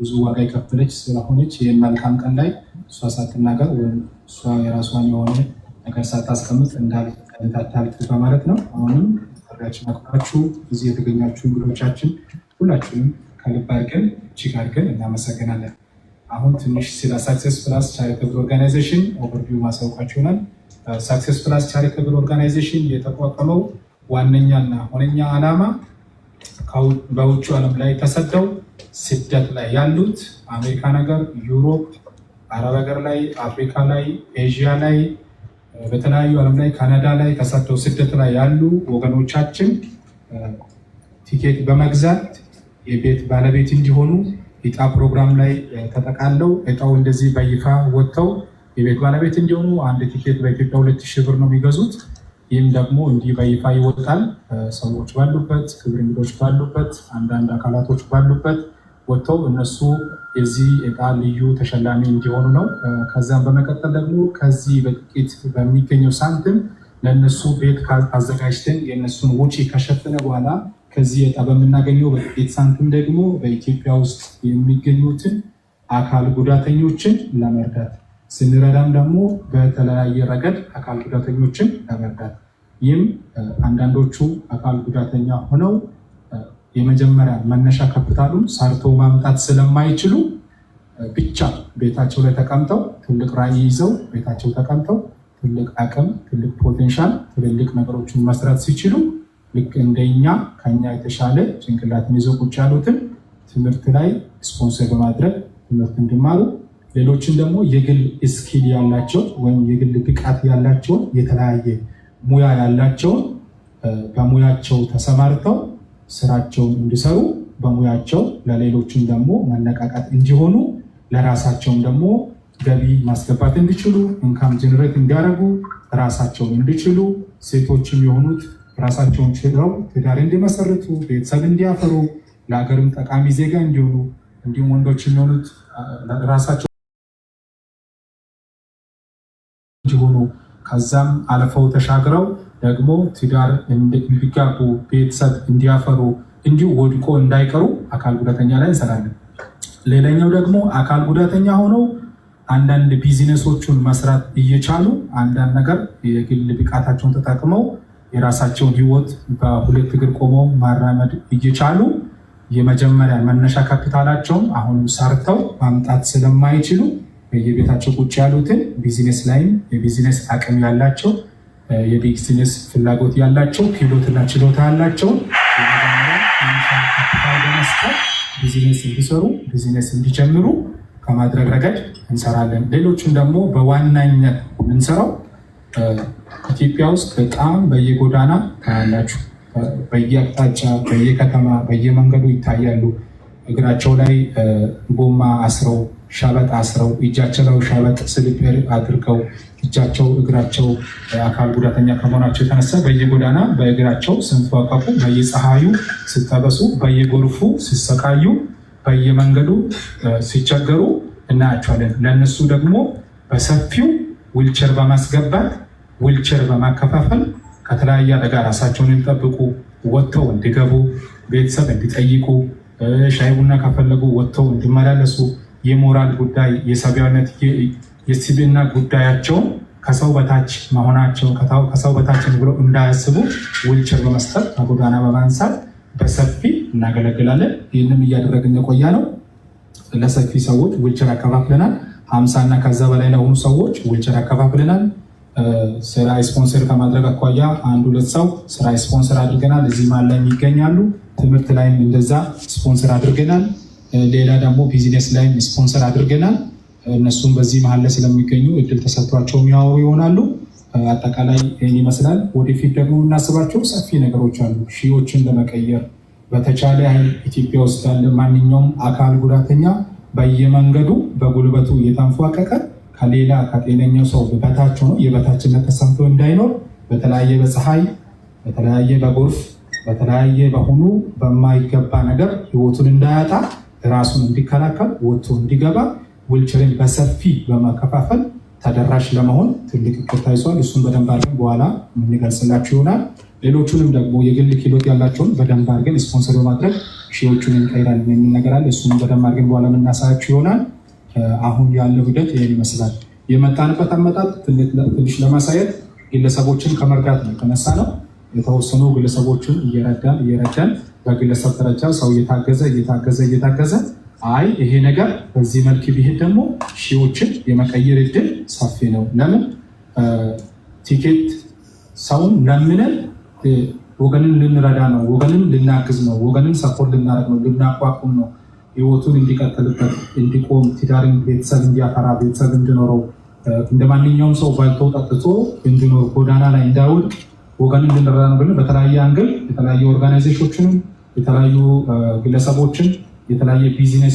ብዙ ዋጋ የከፈለች ስለሆነች ይህን መልካም ቀን ላይ እሷ ሳትናገር ወይም እሷ የራሷን የሆነ ነገር ሳታስቀምጥ እንዳልታልት በማለት ነው። አሁንም ሪያችን አክብራችሁ እዚህ የተገኛችሁ እንግዶቻችን ሁላችሁንም ከልብ አድርገን እጅግ አድርገን እናመሰግናለን። አሁን ትንሽ ስለ ሳክሴስ ፕላስ ቻሪተብል ኦርጋናይዜሽን ኦቨርቪው ማሳወቃችሁ ይሆናል። ሳክሴስ ፕላስ ቻሪተብል ኦርጋናይዜሽን የተቋቋመው ዋነኛና ሆነኛ ዓላማ በውጭ ዓለም ላይ ተሰደው ስደት ላይ ያሉት አሜሪካ ነገር፣ ዩሮፕ፣ አረብ ሀገር ላይ፣ አፍሪካ ላይ፣ ኤዥያ ላይ፣ በተለያዩ ዓለም ላይ ካናዳ ላይ ተሰደው ስደት ላይ ያሉ ወገኖቻችን ቲኬት በመግዛት የቤት ባለቤት እንዲሆኑ ኢጣ ፕሮግራም ላይ ተጠቃለው እጣው እንደዚህ በይፋ ወጥተው የቤት ባለቤት እንዲሆኑ አንድ ቲኬት በኢትዮጵያ ሁለት ሺህ ብር ነው የሚገዙት። ይህም ደግሞ እንዲህ በይፋ ይወጣል። ሰዎች ባሉበት፣ ክብር እንግዶች ባሉበት፣ አንዳንድ አካላቶች ባሉበት ወጥተው እነሱ የዚህ እጣ ልዩ ተሸላሚ እንዲሆኑ ነው። ከዚያም በመቀጠል ደግሞ ከዚህ በጥቂት በሚገኘው ሳንቲም ለእነሱ ቤት አዘጋጅተን የእነሱን ውጪ ከሸፈነ በኋላ ከዚህ እጣ በምናገኘው በጥቂት ሳንቲም ደግሞ በኢትዮጵያ ውስጥ የሚገኙትን አካል ጉዳተኞችን ለመርዳት ስንረዳም ደግሞ በተለያየ ረገድ አካል ጉዳተኞችን ለመርዳት ይህም አንዳንዶቹ አካል ጉዳተኛ ሆነው የመጀመሪያ መነሻ ካፒታሉን ሰርቶ ማምጣት ስለማይችሉ ብቻ ቤታቸው ላይ ተቀምጠው ትልቅ ራዕይ ይዘው ቤታቸው ተቀምጠው ትልቅ አቅም፣ ትልቅ ፖቴንሻል፣ ትልልቅ ነገሮችን መስራት ሲችሉ ልክ እንደኛ ከኛ የተሻለ ጭንቅላት ይዘው ቁጭ ያሉትን ትምህርት ላይ ስፖንሰር በማድረግ ትምህርት እንዲማሩ ሌሎችን ደግሞ የግል ስኪል ያላቸው ወይም የግል ብቃት ያላቸውን የተለያየ ሙያ ያላቸውን በሙያቸው ተሰማርተው ስራቸውን እንዲሰሩ በሙያቸው ለሌሎችም ደግሞ መነቃቃት እንዲሆኑ ለራሳቸውም ደግሞ ገቢ ማስገባት እንዲችሉ ኢንካም ጀነሬት እንዲያደርጉ ራሳቸውን እንዲችሉ ሴቶችም የሆኑት ራሳቸውን ችለው ትዳር እንዲመሰርቱ ቤተሰብ እንዲያፈሩ ለሀገርም ጠቃሚ ዜጋ እንዲሆኑ እንዲሁም ወንዶች የሚሆኑት ራሳቸው እንዲሆኑ ከዛም አልፈው ተሻግረው ደግሞ ትዳር እንዲጋቡ ቤተሰብ እንዲያፈሩ እንዲሁ ወድቆ እንዳይቀሩ አካል ጉዳተኛ ላይ እንሰራለን። ሌላኛው ደግሞ አካል ጉዳተኛ ሆነው አንዳንድ ቢዝነሶቹን መስራት እየቻሉ አንዳንድ ነገር የግል ብቃታቸውን ተጠቅመው የራሳቸውን ህይወት በሁለት እግር ቆመው ማራመድ እየቻሉ የመጀመሪያ መነሻ ካፒታላቸውን አሁን ሰርተው ማምጣት ስለማይችሉ በየቤታቸው ቁጭ ያሉትን ቢዝነስ ላይም የቢዝነስ አቅም ያላቸው የቢዝነስ ፍላጎት ያላቸው ክህሎትና ችሎታ ያላቸውን በመስጠት ቢዝነስ እንዲሰሩ ቢዝነስ እንዲጀምሩ ከማድረግ ረገድ እንሰራለን። ሌሎቹም ደግሞ በዋናነት የምንሰራው ኢትዮጵያ ውስጥ በጣም በየጎዳና ታያላችሁ፣ በየአቅጣጫ በየከተማ በየመንገዱ ይታያሉ። እግራቸው ላይ ጎማ አስረው ሻበጥ አስረው እጃቸው ላይ ሻበጥ ስሊፐር አድርገው እጃቸው እግራቸው አካል ጉዳተኛ ከመሆናቸው የተነሳ በየጎዳና በእግራቸው ስንፏቀፉ፣ በየፀሐዩ ስተበሱ በየጎርፉ ሲሰቃዩ፣ በየመንገዱ ሲቸገሩ እናያቸዋለን። ለእነሱ ደግሞ በሰፊው ዊልቸር በማስገባት ዊልቸር በማከፋፈል ከተለያየ አደጋ ራሳቸውን እንዲጠብቁ ወጥተው እንዲገቡ ቤተሰብ እንዲጠይቁ ሻይ ቡና ከፈለጉ ወጥተው እንዲመላለሱ የሞራል ጉዳይ፣ የሰብአዊነት፣ የስብዕና ጉዳያቸው ከሰው በታች መሆናቸው ከሰው በታች ብሎ እንዳያስቡ ውልቸር በመስጠት ከጎዳና በማንሳት በሰፊ እናገለግላለን። ይህንም እያደረግን የቆያ ነው። ለሰፊ ሰዎች ውልቸር አከፋፍለናል። ሀምሳ እና ከዛ በላይ ለሆኑ ሰዎች ውልቸር አከፋፍለናል። ስራ ስፖንሰር ከማድረግ አኳያ አንድ ሁለት ሰው ስራ ስፖንሰር አድርገናል። እዚህ ማን ላይ ይገኛሉ። ትምህርት ላይም እንደዛ ስፖንሰር አድርገናል። ሌላ ደግሞ ቢዝነስ ላይም ስፖንሰር አድርገናል። እነሱም በዚህ መሀል ላይ ስለሚገኙ እድል ተሰጥቷቸው የሚያወሩ ይሆናሉ። አጠቃላይ ይመስላል። ወደፊት ደግሞ የምናስባቸው ሰፊ ነገሮች አሉ። ሺዎችን ለመቀየር በተቻለ ያህል ኢትዮጵያ ውስጥ ያለ ማንኛውም አካል ጉዳተኛ በየመንገዱ በጉልበቱ እየተንፏቀቀ ከሌላ ከጤነኛው ሰው በታች ሆኖ የበታችነት ተሰምቶ እንዳይኖር በተለያየ በፀሐይ በተለያየ በጎርፍ በተለያየ በሆኑ በማይገባ ነገር ህይወቱን እንዳያጣ ራሱን እንዲከላከል ወጥቶ እንዲገባ ዊልቸርን በሰፊ በመከፋፈል ተደራሽ ለመሆን ትልቅ እቅድ ታይዟል። እሱን በደንብ አድርገን በኋላ የምንገልጽላችሁ ይሆናል። ሌሎቹንም ደግሞ የግል ኪሎት ያላቸውን በደንብ አድርገን ስፖንሰር በማድረግ ሺዎቹን እንቀይራል የሚል ነገር አለ። እሱንም በደንብ አድርገን በኋላ የምናሳያችሁ ይሆናል። አሁን ያለው ሂደት ይህን ይመስላል። የመጣንበት አመጣጥ ትንሽ ለማሳየት ግለሰቦችን ከመርዳት ነው የተነሳ ነው። የተወሰኑ ግለሰቦችን እየረዳን እየረዳን በግለሰብ ደረጃ ሰው እየታገዘ እየታገዘ እየታገዘ አይ ይሄ ነገር በዚህ መልክ ቢሄድ ደግሞ ሺዎችን የመቀየር እድል ሰፊ ነው። ለምን ቲኬት ሰውን ለምንን ወገንን ልንረዳ ነው፣ ወገንን ልናግዝ ነው፣ ወገንን ሰፖርት ልናደርግ ነው፣ ልናቋቁም ነው። ህይወቱን እንዲቀጥልበት እንዲቆም፣ ትዳርን ቤተሰብ እንዲያፈራ ቤተሰብ እንዲኖረው እንደ ማንኛውም ሰው ባልቶ ጠጥቶ እንዲኖር ጎዳና ላይ እንዳይወድቅ ወገንን ልንረዳ ነው ብለን በተለያየ አንግል የተለያዩ ኦርጋናይዜሽኖችንም የተለያዩ ግለሰቦችን የተለያየ ቢዝነስ